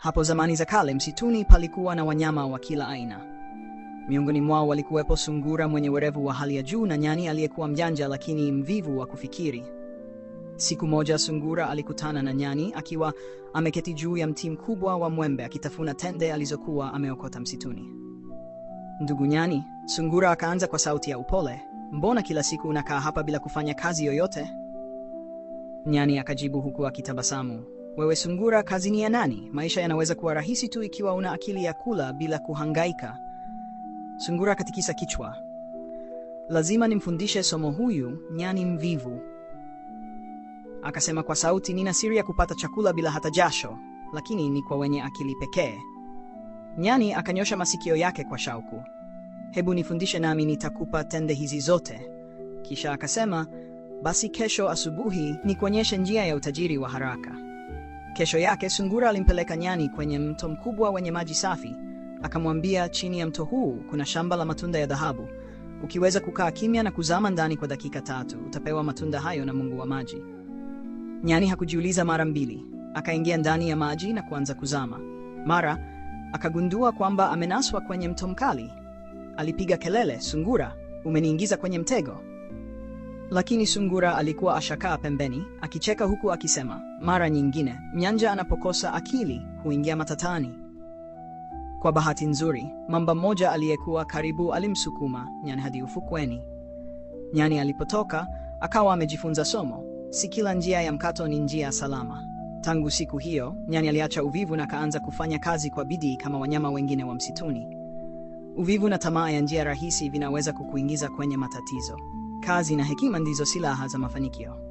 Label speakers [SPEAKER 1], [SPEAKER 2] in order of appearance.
[SPEAKER 1] Hapo zamani za kale msituni palikuwa na wanyama wa kila aina. Miongoni mwao walikuwepo sungura mwenye werevu wa hali ya juu na nyani aliyekuwa mjanja lakini mvivu wa kufikiri. Siku moja sungura alikutana na nyani akiwa ameketi juu ya mti mkubwa wa mwembe akitafuna tende alizokuwa ameokota msituni. Ndugu nyani, sungura akaanza kwa sauti ya upole, mbona kila siku unakaa hapa bila kufanya kazi yoyote? Nyani akajibu huku akitabasamu wewe sungura, kazi ni ya nani? Maisha yanaweza kuwa rahisi tu ikiwa una akili ya kula bila kuhangaika. Sungura katikisa kichwa. Lazima nimfundishe somo huyu nyani mvivu, akasema kwa sauti. Nina siri ya kupata chakula bila hata jasho, lakini ni kwa wenye akili pekee. Nyani akanyosha masikio yake kwa shauku. Hebu nifundishe nami nitakupa tende hizi zote. Kisha akasema, basi kesho asubuhi nikuonyeshe njia ya utajiri wa haraka. Kesho yake sungura alimpeleka nyani kwenye mto mkubwa wenye maji safi, akamwambia, chini ya mto huu kuna shamba la matunda ya dhahabu. Ukiweza kukaa kimya na kuzama ndani kwa dakika tatu, utapewa matunda hayo na Mungu wa maji. Nyani hakujiuliza mara mbili, akaingia ndani ya maji na kuanza kuzama. Mara akagundua kwamba amenaswa kwenye mto mkali. Alipiga kelele, sungura, umeniingiza kwenye mtego! lakini sungura alikuwa ashakaa pembeni akicheka huku akisema, mara nyingine mnyanja anapokosa akili huingia matatani. Kwa bahati nzuri, mamba mmoja aliyekuwa karibu alimsukuma nyani hadi ufukweni. Nyani alipotoka akawa amejifunza somo, si kila njia ya mkato ni njia salama. Tangu siku hiyo, nyani aliacha uvivu na akaanza kufanya kazi kwa bidii kama wanyama wengine wa msituni. Uvivu na tamaa ya njia rahisi vinaweza kukuingiza kwenye matatizo. Kazi na hekima ndizo silaha za mafanikio.